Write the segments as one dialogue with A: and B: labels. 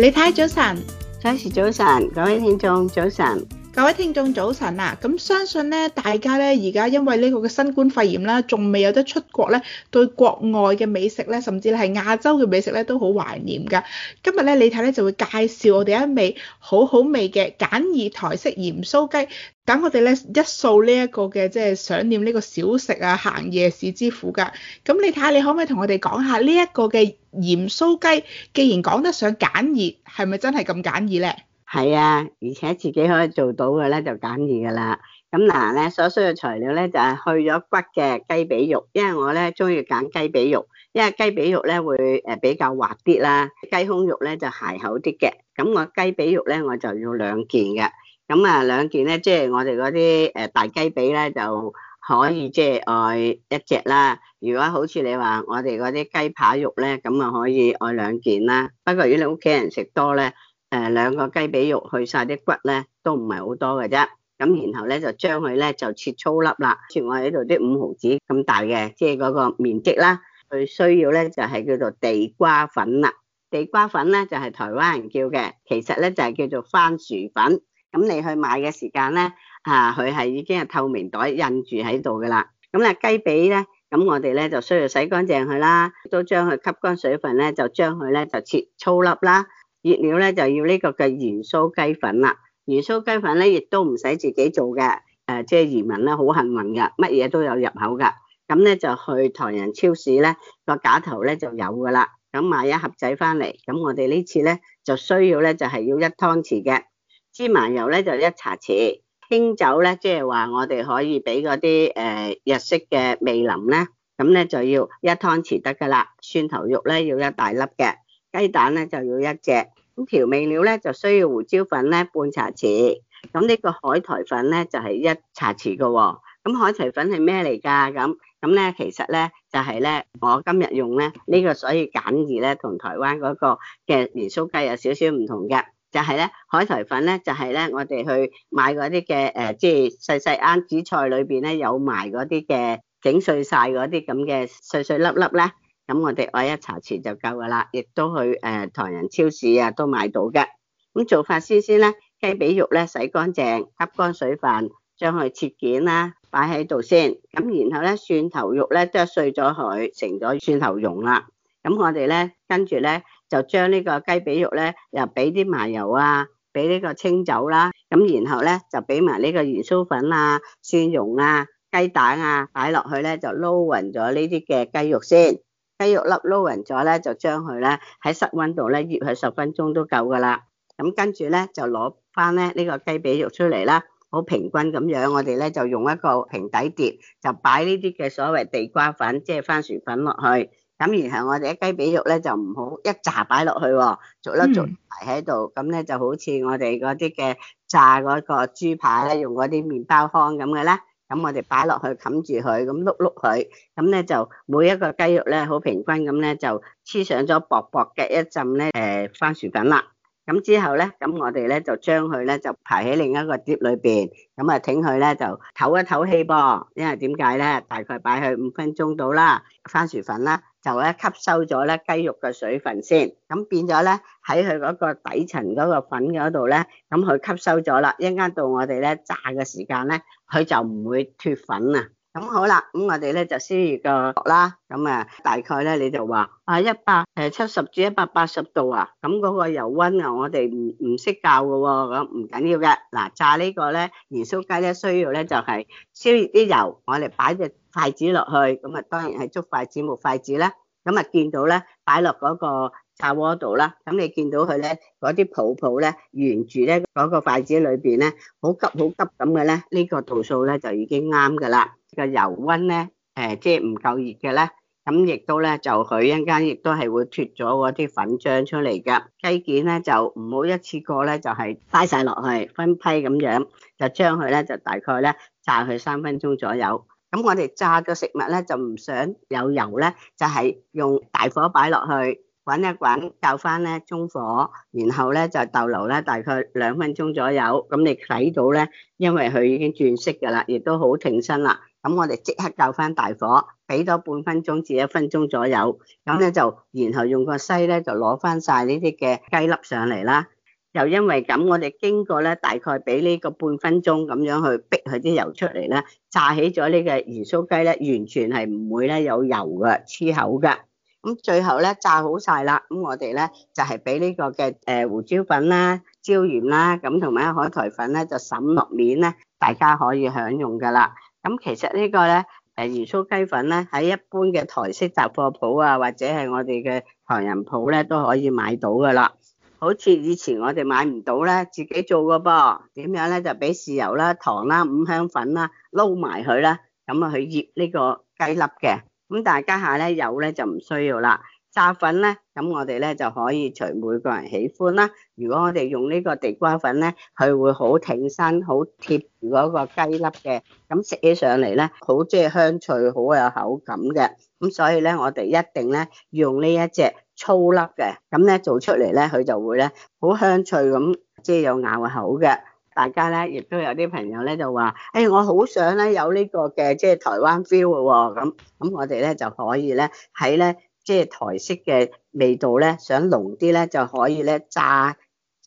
A: 你睇早晨，真是早晨，各位聽眾早晨。各位聽眾早晨啊，咁相信咧，大家咧而家因為呢個嘅新冠肺炎啦，仲未有得出國咧，對國外嘅美食咧，甚至咧係亞洲嘅美食咧，都好懷念噶。今日咧，李太咧就會介紹我哋一味好好味嘅簡易台式鹽酥雞，等我哋咧一掃呢、這、一個嘅即係想念呢個小食啊、行夜市之苦噶。咁你睇下，你可唔可以同我哋講下呢一個嘅鹽酥雞，既然講得上簡易，係咪真係咁簡易咧？
B: 係啊，而且自己可以做到嘅咧就簡易噶啦。咁嗱咧，所需嘅材料咧就係去咗骨嘅雞髀肉，因為我咧中意揀雞髀肉，因為雞髀肉咧會誒比較滑啲啦，雞胸肉咧就柴口啲嘅。咁我雞髀肉咧我就要兩件嘅。咁啊兩件咧，即係我哋嗰啲誒大雞髀咧就可以即係愛一隻啦。如果好似你話我哋嗰啲雞扒肉咧，咁啊可以愛兩件啦。不過如果你屋企人食多咧。誒，兩個雞髀肉去晒啲骨咧，都唔係好多嘅啫。咁然後咧就將佢咧就切粗粒啦，切我喺度啲五毫子咁大嘅，即係嗰個面積啦。佢需要咧就係叫做地瓜粉啦，地瓜粉咧就係台灣人叫嘅，其實咧就係叫做番薯粉。咁你去買嘅時間咧，啊，佢係已經係透明袋印住喺度噶啦。咁咧雞髀咧，咁我哋咧就需要洗乾淨佢啦，都將佢吸乾水分咧，就將佢咧就切粗粒啦。熱料咧就要個鹽鹽呢個嘅鹽酥雞粉啦，鹽酥雞粉咧亦都唔使自己做嘅，誒、呃，即係移民咧好幸運噶，乜嘢都有入口噶，咁咧就去唐人超市咧個架頭咧就有噶啦，咁買一盒仔翻嚟，咁我哋呢次咧就需要咧就係、是、要一湯匙嘅芝麻油咧就一茶匙，清酒咧即係話我哋可以俾嗰啲誒日式嘅味淋咧，咁咧就要一湯匙得噶啦，蒜頭肉咧要一大粒嘅。雞蛋咧就要一隻，咁調味料咧就需要胡椒粉咧半茶匙，咁呢個海苔粉咧就係、是、一茶匙噶、哦，咁海苔粉係咩嚟噶？咁咁咧其實咧就係、是、咧我今日用咧呢、這個，所以簡易咧同台灣嗰個嘅鹽酥雞有少少唔同嘅，就係、是、咧海苔粉咧就係、是、咧我哋去買嗰啲嘅誒，即係細細啱紫菜裏邊咧有埋嗰啲嘅整碎晒嗰啲咁嘅碎碎粒粒咧。咁我哋愛一茶匙就夠噶啦，亦都去誒、呃，唐人超市啊都買到嘅。咁做法先先咧，雞髀肉咧洗乾淨，吸乾水分，將佢切件啦、啊，擺喺度先。咁然後咧，蒜頭肉咧剁碎咗佢，成咗蒜頭蓉啦。咁我哋咧跟住咧就將呢個雞髀肉咧又俾啲麻油啊，俾呢個清酒啦、啊，咁然後咧就俾埋呢個元酥粉啊、蒜蓉啊、雞蛋啊擺落去咧就撈勻咗呢啲嘅雞肉先。雞肉粒撈完咗咧，就將佢咧喺室溫度咧醃去十分鐘都夠噶啦。咁跟住咧就攞翻咧呢個雞髀肉出嚟啦，好平均咁樣。我哋咧就用一個平底碟，就擺呢啲嘅所謂地瓜粉，即係番薯粉落去。咁然後我哋啲雞髀肉咧就唔好一紮擺落去喎，逐粒逐排喺度。咁咧、嗯、就好似我哋嗰啲嘅炸嗰個豬排用嗰啲麵包糠咁嘅咧。咁我哋擺落去冚住佢，咁碌碌佢，咁咧就每一個雞肉咧，好平均咁咧就黐上咗薄薄嘅一浸咧，誒，番薯粉啦。咁之後咧，咁我哋咧就將佢咧就排喺另一個碟裏邊，咁啊，整佢咧就唞一唞氣噃，因為點解咧？大概擺去五分鐘到啦，番薯粉啦。就咧吸收咗咧雞肉嘅水分先，咁變咗咧喺佢嗰個底層嗰個粉嗰度咧，咁佢吸收咗啦，一陣間到我哋咧炸嘅時間咧，佢就唔會脫粉啦。咁好啦，咁我哋咧就燒熱個鍋啦，咁啊大概咧你就話啊一百誒七十至一百八十度啊，咁嗰個油溫啊我哋唔唔識教㗎喎，咁唔緊要嘅。嗱，炸呢個咧鹽酥雞咧需要咧就係燒熱啲油，我哋擺隻。筷子落去，咁啊，當然係竹筷子木筷子啦。咁啊，見到咧擺落嗰個炸鍋度啦。咁你見到佢咧嗰啲泡泡咧，沿住咧嗰個筷子裏邊咧，好急好急咁嘅咧，呢個度數咧就已經啱噶啦。個油温咧，誒，即係唔夠熱嘅咧，咁亦都咧就佢一陣間亦都係會脱咗嗰啲粉漿出嚟嘅。雞件咧就唔好一次過咧就係擺晒落去，分批咁樣就將佢咧就大概咧炸佢三分鐘左右。咁我哋炸嘅食物咧就唔想有油咧，就係用大火擺落去滾一滾，教翻咧中火，然後咧就逗留咧大概兩分鐘左右。咁你睇到咧，因為佢已經轉色噶啦，亦都好挺身啦。咁我哋即刻教翻大火，俾多半分鐘至一分鐘左右。咁咧就然後用個篩咧就攞翻晒呢啲嘅雞粒上嚟啦。又因為咁，我哋經過咧，大概俾呢個半分鐘咁樣去逼佢啲油出嚟咧，炸起咗呢個鹽酥雞咧，完全係唔會咧有油嘅，黐口噶。咁最後咧炸好晒啦，咁我哋咧就係俾呢個嘅誒胡椒粉啦、椒鹽啦，咁同埋海苔粉咧就沈落面咧，大家可以享用噶啦。咁其實個呢個咧誒鹽酥雞粉咧喺一般嘅台式雜貨鋪啊，或者係我哋嘅唐人鋪咧都可以買到噶啦。好似以前我哋買唔到咧，自己做個噃，點樣咧就俾豉油啦、糖啦、五香粉啦，撈埋佢啦，咁啊去醃呢個雞粒嘅。咁大家下咧有咧就唔需要啦，炸粉咧咁我哋咧就可以隨每個人喜歡啦。如果我哋用呢個地瓜粉咧，佢會好挺身、好貼住嗰個雞粒嘅，咁食起上嚟咧好即係香脆、好有口感嘅。咁所以咧我哋一定咧用呢一隻。粗粒嘅，咁咧做出嚟咧佢就會咧好香脆咁，即係有咬口嘅。大家咧亦都有啲朋友咧就話：誒我好想咧有呢個嘅即係台灣 feel 喎。咁咁我哋咧就可以咧喺咧即係台式嘅味道咧想濃啲咧就可以咧炸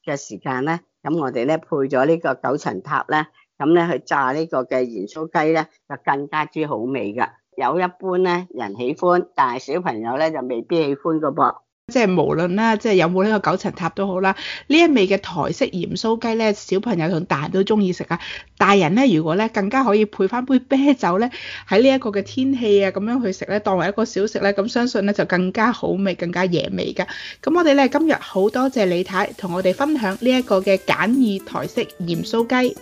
B: 嘅時間咧，咁我哋咧配咗呢個九層塔咧，咁咧去炸呢個嘅鹽酥雞咧，就更加之好
A: 味㗎。有一般咧人喜歡，但係小朋友咧就未必喜歡噶噃。即係無論啦，即係有冇呢個九層塔都好啦。呢一味嘅台式鹽酥雞咧，小朋友同大人都中意食啊。大人咧如果咧更加可以配翻杯啤酒咧，喺呢一個嘅天氣啊，咁樣去食咧，當為一個小食咧，咁相信咧就更加好味，更加惹味噶。咁我哋咧今日好多謝李太同我哋分享呢一個嘅簡易台式鹽酥雞。